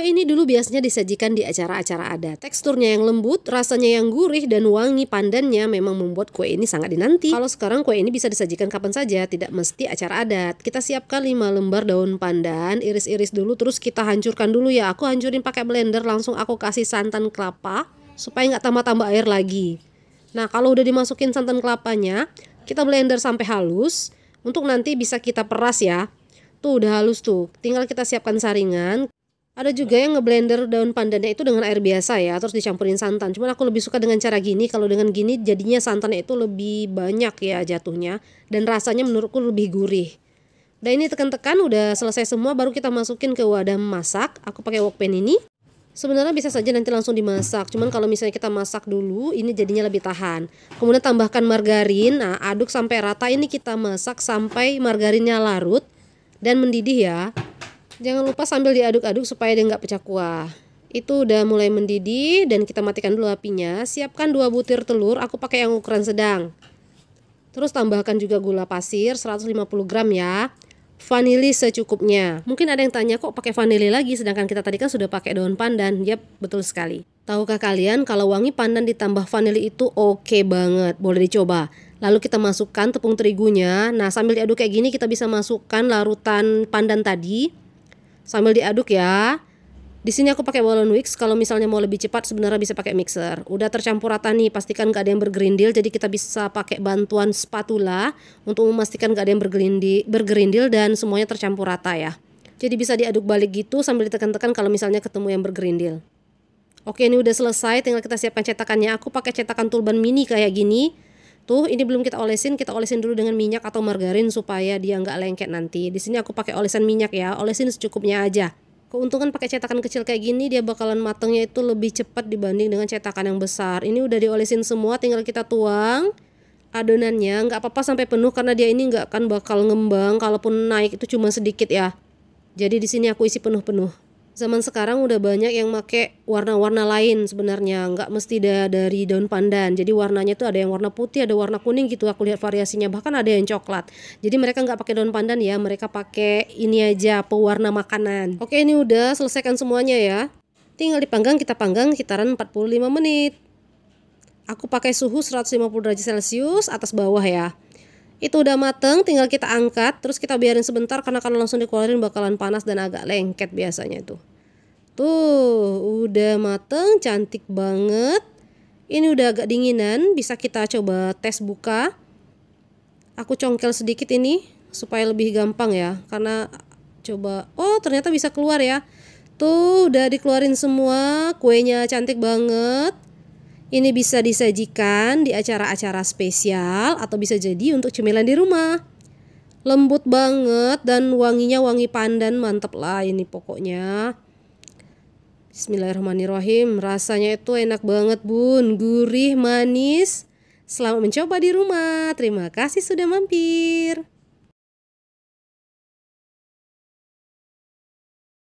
Kue ini dulu biasanya disajikan di acara-acara adat. Teksturnya yang lembut, rasanya yang gurih, dan wangi pandannya memang membuat kue ini sangat dinanti. Kalau sekarang kue ini bisa disajikan kapan saja, tidak mesti acara adat. Kita siapkan 5 lembar daun pandan, iris-iris dulu, terus kita hancurkan dulu ya. Aku hancurin pakai blender, langsung aku kasih santan kelapa, supaya nggak tambah-tambah air lagi. Nah, kalau udah dimasukin santan kelapanya, kita blender sampai halus, untuk nanti bisa kita peras ya. Tuh udah halus tuh, tinggal kita siapkan saringan, ada juga yang ngeblender daun pandannya itu dengan air biasa ya, terus dicampurin santan. Cuman aku lebih suka dengan cara gini. Kalau dengan gini jadinya santannya itu lebih banyak ya jatuhnya dan rasanya menurutku lebih gurih. Dan ini tekan-tekan udah selesai semua baru kita masukin ke wadah masak. Aku pakai wok pan ini. Sebenarnya bisa saja nanti langsung dimasak, cuman kalau misalnya kita masak dulu, ini jadinya lebih tahan. Kemudian tambahkan margarin, nah aduk sampai rata, ini kita masak sampai margarinnya larut dan mendidih ya. Jangan lupa sambil diaduk-aduk supaya dia nggak pecah kuah. Itu udah mulai mendidih dan kita matikan dulu apinya. Siapkan dua butir telur, aku pakai yang ukuran sedang. Terus tambahkan juga gula pasir 150 gram ya. Vanili secukupnya. Mungkin ada yang tanya kok pakai vanili lagi sedangkan kita tadi kan sudah pakai daun pandan. Yap, betul sekali. Tahukah kalian kalau wangi pandan ditambah vanili itu oke okay banget. Boleh dicoba. Lalu kita masukkan tepung terigunya. Nah, sambil diaduk kayak gini kita bisa masukkan larutan pandan tadi sambil diaduk ya. Di sini aku pakai Wallon Wicks, kalau misalnya mau lebih cepat sebenarnya bisa pakai mixer. Udah tercampur rata nih, pastikan gak ada yang bergerindil, jadi kita bisa pakai bantuan spatula untuk memastikan gak ada yang bergerindil, dan semuanya tercampur rata ya. Jadi bisa diaduk balik gitu sambil ditekan-tekan kalau misalnya ketemu yang bergerindil. Oke ini udah selesai, tinggal kita siapkan cetakannya. Aku pakai cetakan turban mini kayak gini, utuh. Ini belum kita olesin, kita olesin dulu dengan minyak atau margarin supaya dia nggak lengket nanti. Di sini aku pakai olesan minyak ya, olesin secukupnya aja. Keuntungan pakai cetakan kecil kayak gini dia bakalan matangnya itu lebih cepat dibanding dengan cetakan yang besar. Ini udah diolesin semua, tinggal kita tuang adonannya. Nggak apa-apa sampai penuh karena dia ini nggak akan bakal ngembang. Kalaupun naik itu cuma sedikit ya. Jadi di sini aku isi penuh-penuh zaman sekarang udah banyak yang make warna-warna lain sebenarnya nggak mesti da dari daun pandan jadi warnanya tuh ada yang warna putih ada warna kuning gitu aku lihat variasinya bahkan ada yang coklat jadi mereka nggak pakai daun pandan ya mereka pakai ini aja pewarna makanan oke ini udah selesaikan semuanya ya tinggal dipanggang kita panggang sekitaran 45 menit aku pakai suhu 150 derajat celcius atas bawah ya itu udah mateng tinggal kita angkat terus kita biarin sebentar karena kalau langsung dikeluarin bakalan panas dan agak lengket biasanya itu. Tuh, udah mateng, cantik banget. Ini udah agak dinginan, bisa kita coba tes buka. Aku congkel sedikit ini supaya lebih gampang ya, karena coba oh ternyata bisa keluar ya. Tuh, udah dikeluarin semua, kuenya cantik banget. Ini bisa disajikan di acara-acara spesial atau bisa jadi untuk cemilan di rumah. Lembut banget dan wanginya wangi pandan, mantep lah ini pokoknya. Bismillahirrahmanirrahim. Rasanya itu enak banget, Bun. Gurih, manis. Selamat mencoba di rumah. Terima kasih sudah mampir.